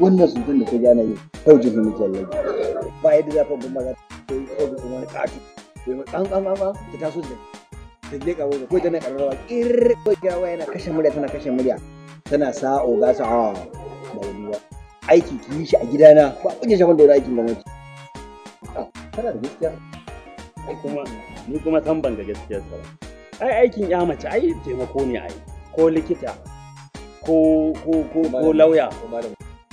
wannan tsuntun da ta gane yi ta wuce sun mutu wallahi ba yadda za ka bin maza ta yi ko kuma wani kati to yi ɗan ɗan ɗan ta taso da ta je ka wuce ko ta na ƙararrawa ƙirr ko gawa yana kashe murya tana kashe murya tana sa oga sa ah, a ba aiki ki yi shi a gidana Ko a kunya shafan da wani aikin gwamnati ah, tana da gaskiya kuma ni kuma san ban ga gaskiya sa ai aikin ya mace ai taimako ne ai ko likita ko ko ko lauya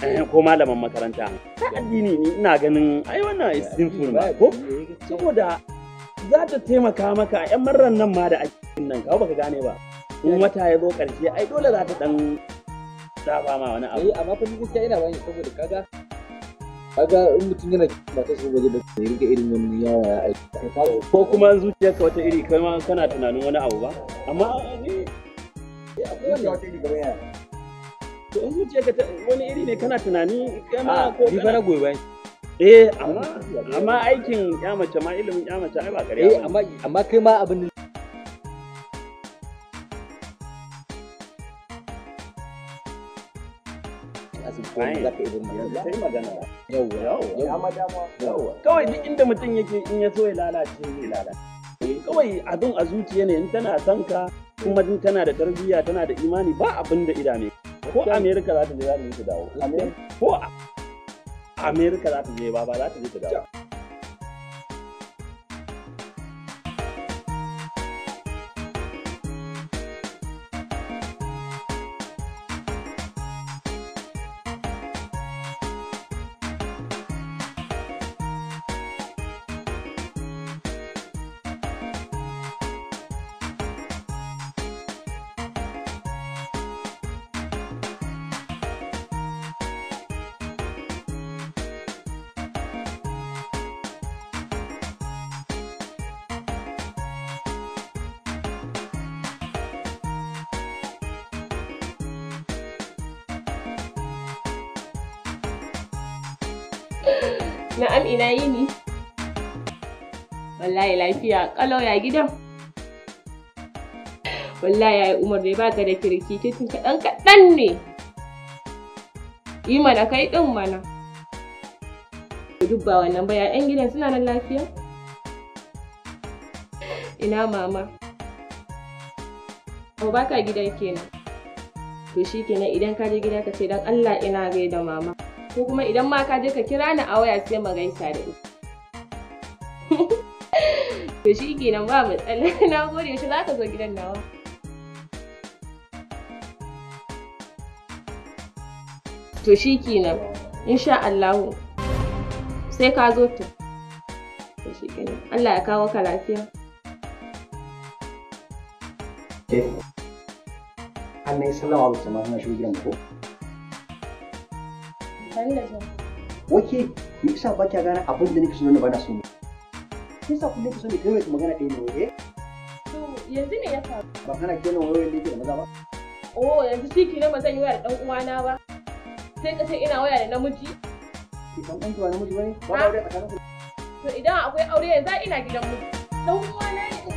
Eh, ko malaman makaranta kai addini ne ina ganin ai wannan is simple ma ko saboda za ta taimaka maka yan marran nan ma da ake nan ka baka gane ba in wata ya zo karshe ai dole za ta dan saba ma wani abu eh, amma fa gaskiya ina bani saboda kaga kaga in mutum yana mata su waje da ya rike irin wannan yawa ya aiki ko kuma zuciyarka wata iri kai ma kana tunanin wani abu ba amma eh, akwai wani wata iri gaba ya to in zuciya ka wani iri ne kana tunani kana ah, ko ni fara gobe bayan eh ah, amma aikin ya mace ma ilimin ya mace ai ba kare eh amma amma kai ma abin kawai duk inda mutum yake in ya so ya lalace zai lalace eh, kawai abin a zuciya ne in tana son ka kuma tana da tarbiyya tana da imani ba abin da idane ko Amerika za ta je za ta za ta je ba ba za ta je ta dawo Na'am ina yini? Wallahi lafiya kalau ya gidan. Wallahi yayi Umar bai baka da kirki kitin ɗan kaɗan ne. Yi mana kai ɗin mana. Duk ba wannan ba ‘yan gidan suna nan lafiya? Ina mama. Ko baka gidan kenan. To shi kenan idan ka je gida ka ce don Allah ina gaida mama. ko kuma idan ma ka je ka kira ni a waya sai mu gaisa da ita to shi kenan ba matsala na gode shi za ka zo gidan nawa to shi kenan insha Allahu sai ka zo to to shi kenan Allah ya kawo ka lafiya Eh, annai sallama alaikum na shigo gidan ko? amfani da zuwa. Wake, me yasa ba kya gane abin da nake so ne ba na so ne? Me yasa kullum ku so kai kawai magana ɗaya ne waye? Eh? To, yanzu ne ya faru? Ba kana kenan wayoyin da yake da maza ba? Oh, yanzu shi kenan ba zan yi waya da ɗan uwana ba. Sai ka ce ina waya da namiji? Ki san ɗan uwa namiji bane? Ba aure a tsakanin ku. To idan akwai aure yanzu ina gidan mu. Ɗan ne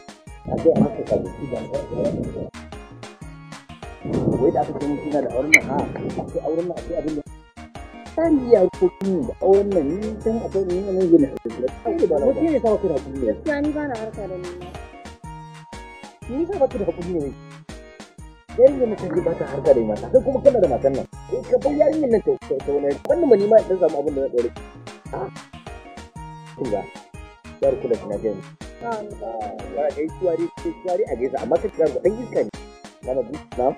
a ce an ka kaji shi da wai da aka ce mutum da auren nan a ce auren nan Ake ce abin da ta ni ya ko kin da auren nan ni san a kai ni nan gina ko ke sa ku da ku ne ya ni ba na harka da ni ni ba ku da ku ne yarinyar nan take ba ta harka da mata sai kuma kana da matan nan ka bar yarinyar nan ta ta wani wannan ba ni ma dan samu abin da na dore ah kinga yar kula da na gani yana da shuwari ko a gaisa amma kake zarga dan iska ne Na bi na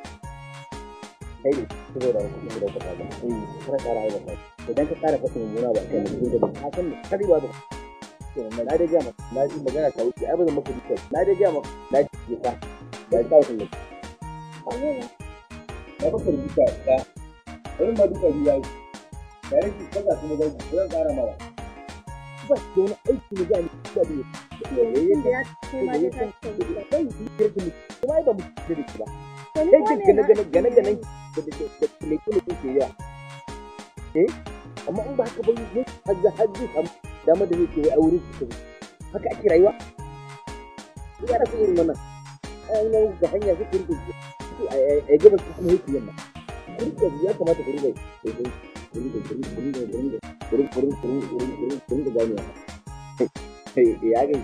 kai ne saboda kuɗi da kuɗa ba da eh, kana ƙara yawan mai idan ka ƙara da mummuna ba kai ne inda ba ka san ka riba ba kenan na da gama na ji magana ta wuce ai ba zan maka duka da da ne na kuma rubuta da kaza kuma zai zan aiki da kuma ba da amma in ba ba hajji hajji kam dama da su haka ake rayuwa ya rasu irin wannan ainihin hanya su a gaba su kuma yamma ya kamata kuri bai da kuri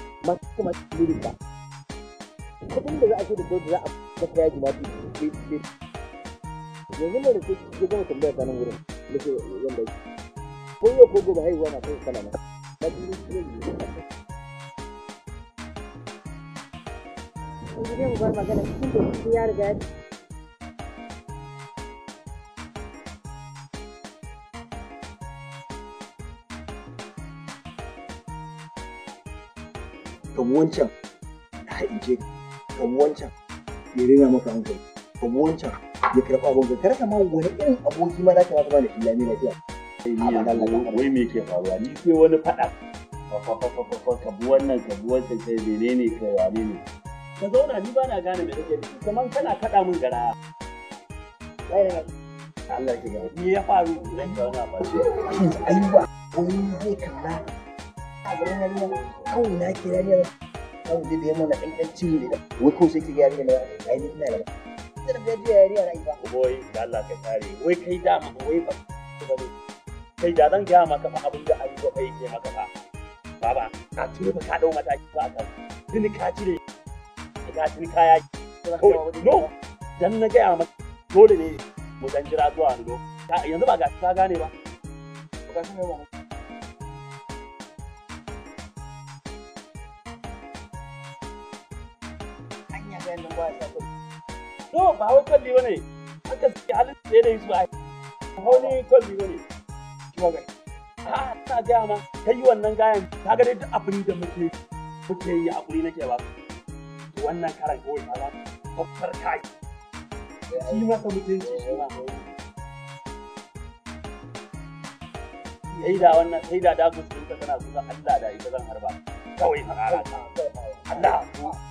masu kuma cikin ba kudin da za a ce da kudi za a kasa yaji ma su yanzu mai da ke gama tambaya ta wurin da ke wanda ke ko yau ko gobe haihuwa na kai kana na na biyu magana cikin da ya riga ya kwamu wancan ya haince kwamu wancan ya rina maka hankali kwamu wancan ya karɓa abin ka karka ma wani irin aboki ma za ka mata da illa ne lafiya. Wai me ke faruwa ni sai wani faɗa ka bi wannan ka bi wancan kai menene ka wane ne. Ka zauna ni ba na gane me kake kamar kana kaɗa min gara. Allah ya faru zan zauna ba. Yanzu ayyuka wani zai kalla a garin yarinya kawai na ke yarinya kawai zai biyan mana ɗan ɗan cin da wai kawai sai ke yarinya na ai ni ina da ba da jiya yarinya na ba wai da Allah ka kare wai kai da ma wai ba kai da zan gaya maka fa abin da ayyuka kai ke maka fa baba a tuni ka dau mataki ba kan tuni ka ne, ka tuni ka yaki kawai no dan na gaya maka dole ne mu dan jira zuwa yanzu ba ga ta gane ba ka san me ba ba ya kai to ba hau kwalli bane haka suke halin da yanayin su a hau kwalli bane kuma gai a ta gaya ma ta yi wannan gayan ta ga dai duk abin da muke muke yi a guri nake ba wannan karan ko ta zama babbar kai shi masa mutunci shi ma sai da wannan sai da dagus ɗinka tana kusa Allah da ita zan harba kawai harara Allah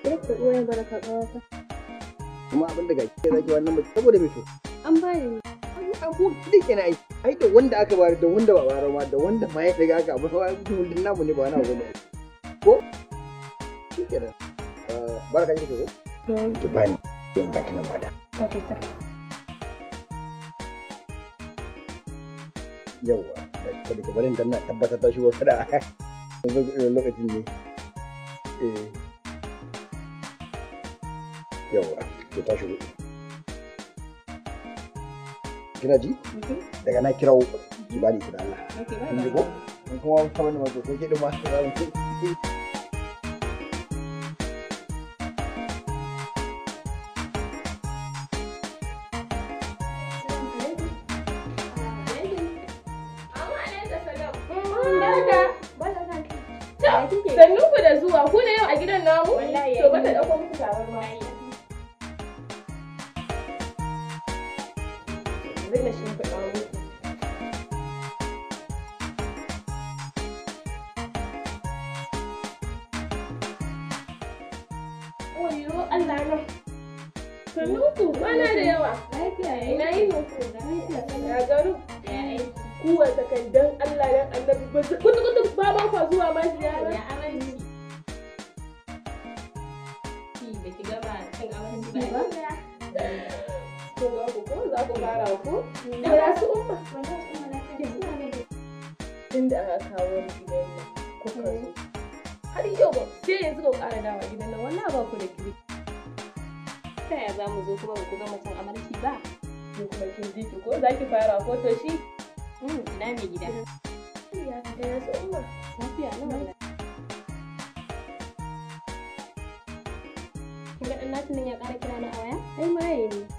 sai ka ya baraka ƙawata. Kuma abin da gashi ya zaki wannan mace saboda mai to. An bani. Abu duk yana aiki. Ai da wanda aka bayar da wanda ba bayar ma da wanda ma ya riga aka bayar wa mutum namu ne ba wani abu ne. Ko? Shi kenan. Eh, baraka ki ko? Ki bani. Yin baki na bada. Ka ce yauwa da daga barin da tabbatar da shi wata da eh, lokacin ne eh yawwa ki tashi ku kina daga na kirawo ki bani ki da Allah kin ji ko kuma kamar da ko ki da ma sannu ku da zuwa ku ne yau a gidan namu to bata dauko muku tabarma dena na shimfiɗa muku oyo Allah na Sanuku mana da yawa. Lafiya yayi. Eh? Ina yi muku. Lafiya. Ya garu. Kuwa takan dan Allah dan annabi ba kutu kutu ba ba zuwa ma ziyara. Ya amani. za ku fara ku? Da su umma. Tun da aka kawo ni gidan nan kuka zo. Har yau ba sai yanzu ba ƙara dawa gidan nan ba ku da kiri. Ta ya za mu zo kuma ba ku ga mutum amarki ba? kuma kin ji ki ko za ki fara ko to shi? Hmm, ina mai gida. Ya da ya su umma. Lafiya Kin ga ɗan nasu nan ya ƙara kira na a waya? Ai ma ne.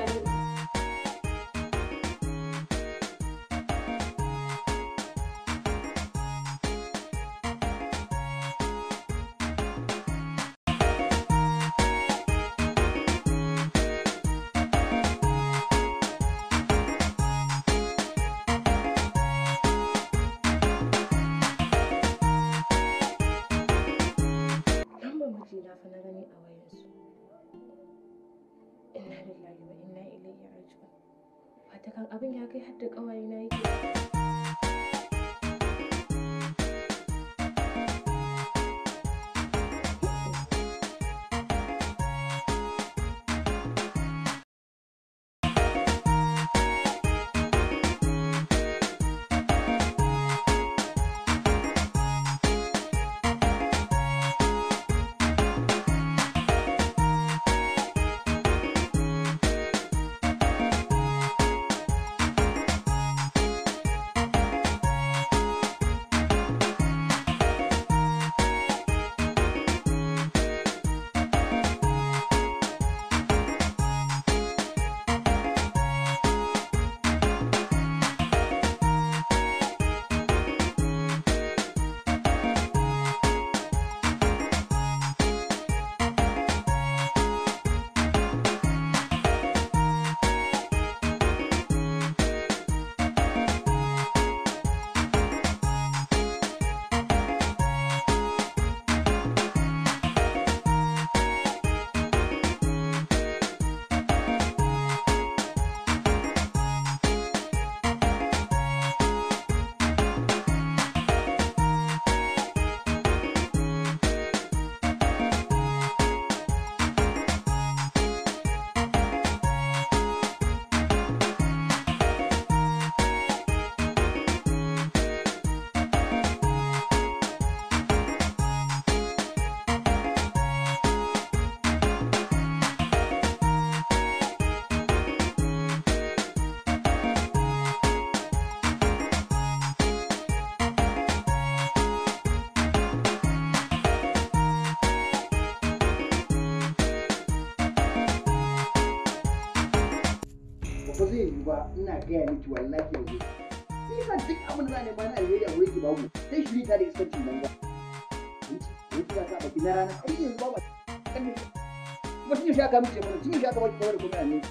inna lillahi wa inna ilaihi raji'un fatakan abin ya kai har da ƙawaye na yake ina gaya miki wallahi yanzu ba duk abin da za a nema na alheri a wurin ki babu sai ne ta da iskancin banza yanzu ba ta baki na rana ai yanzu babu kuma tun yaushe aka miki mana tun yaushe aka baki kawai kuma ne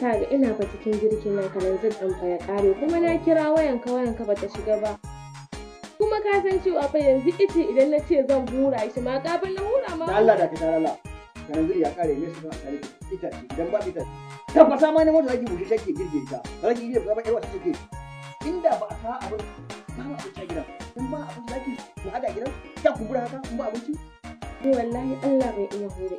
ga ina fa cikin girkin nan kanan zan dan fa kare kuma na kira wayan ka wayan ka bata shiga ba kuma ka san cewa fa yanzu ice idan na ce zan hura shi ma kafin na hura ma Allah da ka tarala kanan zuri ya kare ne su na kare ita idan ba ita tabbata ma ne mota zaki bushe shake girge ta ba zaki ba wata take inda ba a abin ba ma in ba abinci zaki mu hada gidan ta haka in ba abinci wallahi Allah bai iya hore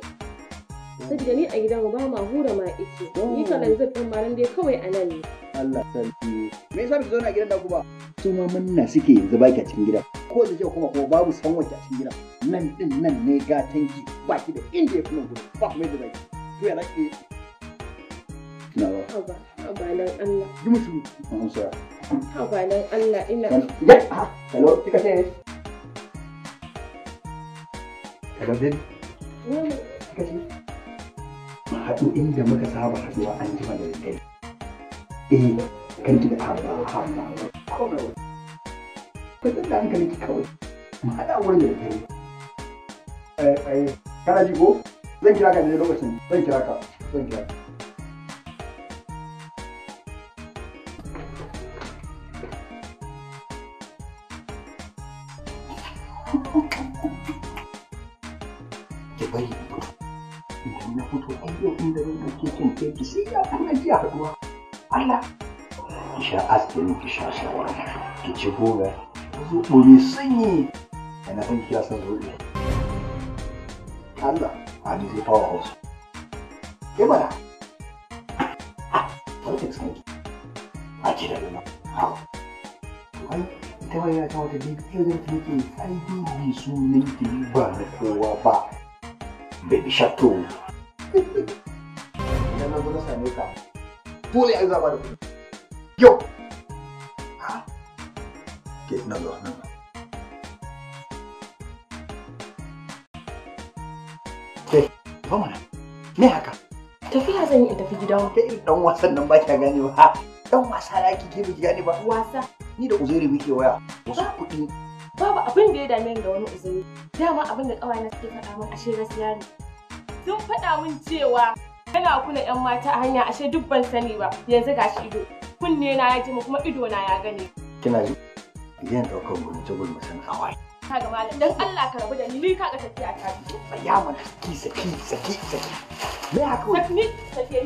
da ni a gidan ba ma hura ma ike oh. ni nan zai kuma ran dai kawai a nan ne Allah sarki me yasa ki zauna a gidan da ku ba su ma suke yanzu baki a cikin gidan ko da kyau kuma ko babu san wacce a cikin gidan nan din nan ne ga tanki baki da inda ya nan gudu ba kuma da baki to ya rake na ba haba Allah ji musu haba nan Allah ina ya ha hello kika ce hello din kika haɗu inda muka saba haɗuwa an jima da kai eh kanki da haba haba komai ba zan da hankali ki kawai ma haɗa wani da kai eh, eh kana ji ko zan kira ka da lokacin zan kira ka zan kira ka Allah sha aske miki sha shawara ki ci goga zuɓo mai sanyi da na san kiya san zuɓe Allah a ah, ni zai fawa hausa ke mana politics ne a ci da luna wai ita wai ya ta wata bidiyo da ta yake ai bibi sunan ki ba na kowa ba baby shato Idan na gudu same ka dole a yi zaba da kuɗi yau ke ina zuwa nan ke ba mana me haka tafiya zan yi in tafi gidan ke irin dan wasan nan ba kya gane ba dan wasa na kike ba ki gane ba wasa ni da uzeri muke waya wasu kuɗi babu abin da ya dame ni da wani uzuri dama abin da kawai na suke faɗa min ashe gaskiya ne sun faɗa min cewa Yana kula 'yan mata a hanya ashe duk ban sani ba yanzu gashi ido. Kunne na ya ji kuma ido na ya gane. Kina ji? Idan ɗaukar ta gurbin san hawaye. Kaga malam dan Allah ka rabu da ni ni ka ga tafiya ta ji Ya mana saki saki saki saki. Me haka? wai ni saki.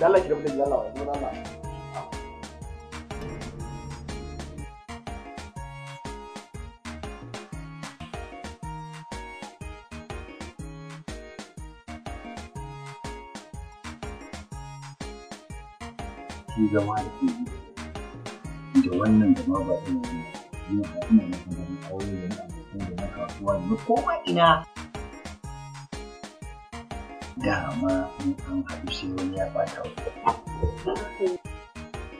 dalla ki rabu da wa zuwa Allah. shi zama da ke da wannan zama ba ina yi ina da ina na kuma da da na abokan da na kasuwa da koma ina dama in an haɗu sai wani ya ɓata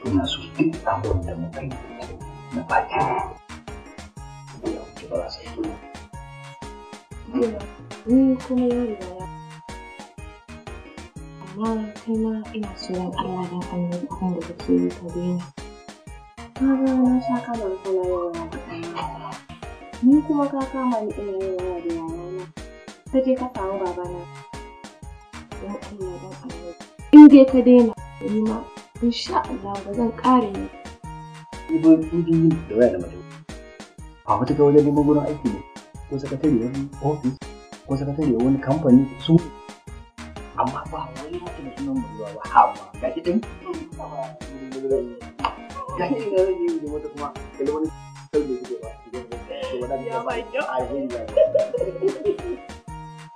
ina so duk abin da muka yi na ɓata ba za su yi ni kuma ya riga ya ran kai ma ina tsoron Allah don annabi abin da kake yi ka daina. Na ga na sha kama da kana yawa da ɗaya. Ni kuma ka kama ni ina yin yawa da na. Ta je ka samu babana. Don Allah don annabi. In dai ka daina ni ma insha Allah ba zan ƙara yi. Kuma kudin da waya da mutum. A wata ta wajen neman gurin aiki ne ko sakatari ya ofis ko sakatari ya wani kamfani su amma ba wani mutum sunan mai yawa ba hama ga shi ga shi rage yi da wata kuma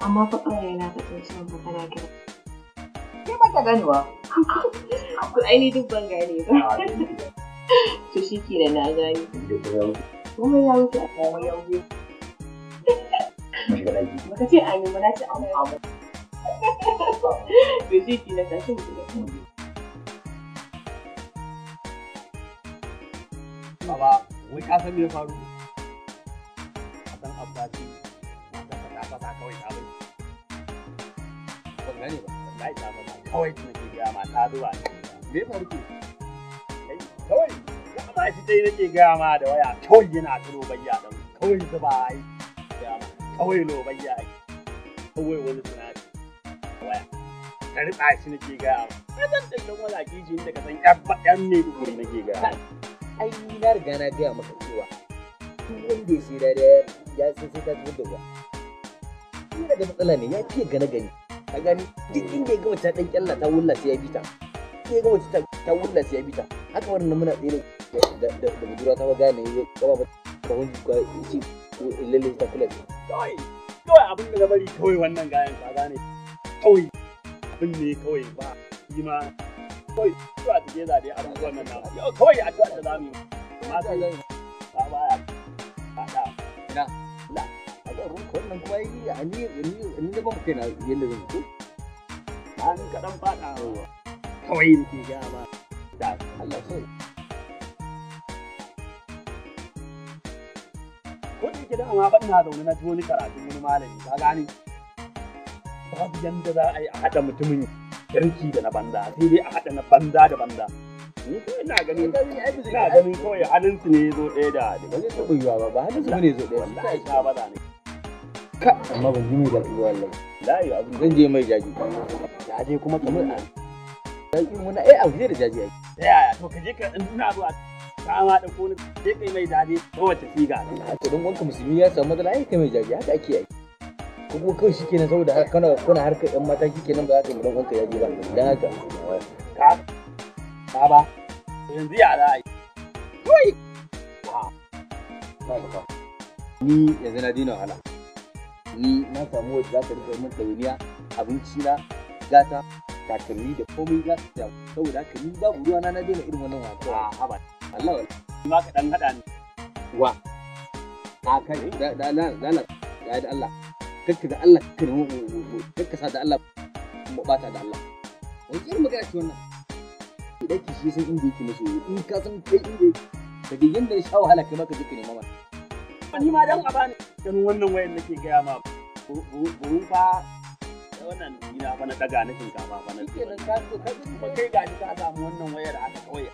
amma fa kawai na ka ba kana kira ke ba ta ku aini duk gane ba ah, to shi ke da na gani komai ya wuce komai ya wuce Maka ce amin mana ce amin to shi ki na tashi mu Baba, wai kawai san me ya faru? San Abbasi, mata ta ta fata kawai ta bai. Ban gane ba, Kawai, ta fata kawai ta nake gaya ma ta zuwa ne. Me ya faru ke? Kai, kawai, ya ba shi dai nake gaya ma da waya, kawai yana ta lobayya da kawai zuba ai. Kawai lobayya ai. Kawai wani ritsa shi nake gaya ma ya zan dallon wala giji da ka san yan yan mai duguri nake gaya ai na riga na gaya maka cewa duk wanda ya shira da ya san sai ta zubar da ruwa ina da matsala ne ya fiye gane gani ka gani duk inda ya gama ta ɗan ƙyalla ta wulla sai ya bita ya gama ta ta wulla sai ya bita haka wannan muna tsere da da budura ta ga ne ya gaba ba ta wani ka ci lalle ta kula kai kawai abin da bari kawai wannan gayan ka gane kawai abin ne kawai ba yi ma kawai zuwa ta ke zaɓe a rayuwar nan na kawai a zuwa ma ba a yi da kai kawai da Allah sai ke da ma ban na zaune na ji wani karatu wani malami ka gani babu yanda za a yi a haɗa mutumin kirki da na banza sai dai a haɗa na banza da banza ni kawai gani ina ganin kawai halin su ne zo ɗaya da da ba zai taɓa yiwa ba ba halin su ne zo ɗaya wallahi ta ba da ne ka amma ban yi mai daɗi wallahi layi abin zan je mai jaji Jaji kuma kamar a jaji muna eh abu da jaji ai yaya to ka je ka ina zuwa kama da ko ne kai mai jaje ko wace siga. a to dan wanka musulmi ya samu matsala ai kai mai jaji haka ake yi ko kuma kawai shike nan saboda kana kuna harkar yan mata kike nan ba za ka yi ranka ya jira ba dan haka ka ka ba yanzu ya za yi ni yanzu na dina wahala ni na samu wata za ta rika min duniya abinci na gata takalmi da komai za su samu saboda haka ni babu ruwa na na daina irin wannan wasa a haba Allah wala ma ka dan hada ni wa a kai da Allah da Allah kakka da Allah kakka nemi kakka sa da Allah kuma bata da Allah wani irin magana ce wannan idan ki shi san inda yake yi in ka san kai inda yake ka je yanda ya sha wahala kai maka ka je ka ma ni ma dan abani dan wannan wayan nake gaya ma burin fa wannan ina fa na daga na shinkafa fa na kenan ka so ka ba kai ga ka samu wannan wayar haka kawai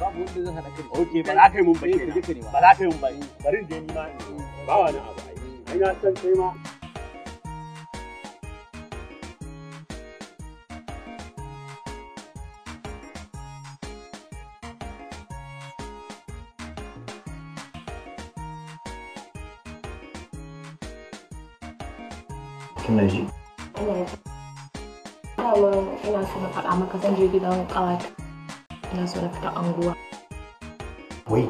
babu wanda zan hada kai ba za ka yi mun ba kenan ba za ka yi mun ba bari je ni ma ba wani abu ina son kai Ina so na faɗa maka zan je gidan ƙawata. Ina so na fita anguwa. Wai,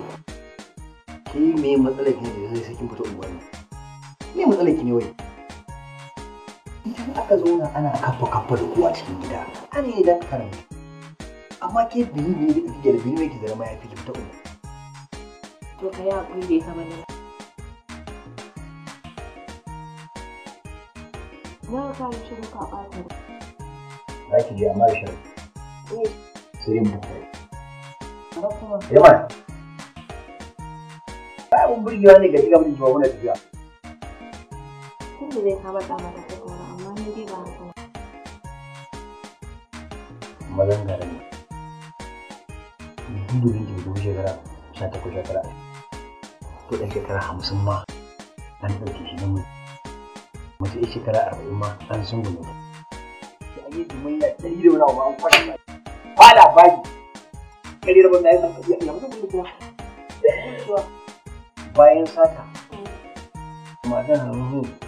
ke me matsalar ne da zai sai kin fita unguwa ne? ne matsalar ki ne wai idan aka zauna ana kafa kafa da kowa cikin gida ana yi dan karan amma ke yi ne da kike da biyu mai ki zama ya fi ta uku to ka yi hakuri da ita nan na ka yi shiru ka ɓata za ki je amma shi shirin eh. sai mu kuma, yawa ba abun burgewa ne ga shiga mun jiwa wani tafiya da ka amma ni dai ba mazan garin ne gudunin da shekara sha shekara to ɗan shekara hamsin ma an ɗauke shi namiji mace ya shekara arba'in ma an sun gudu da da wani abu an ba kwala ya mutu kuma mm. bayan sata mm. matan hannu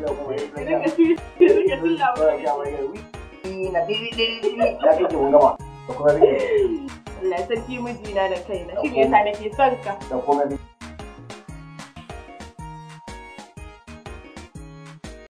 Allah sarki mijina da kaina shi ne yasa nake son ka. Da kuma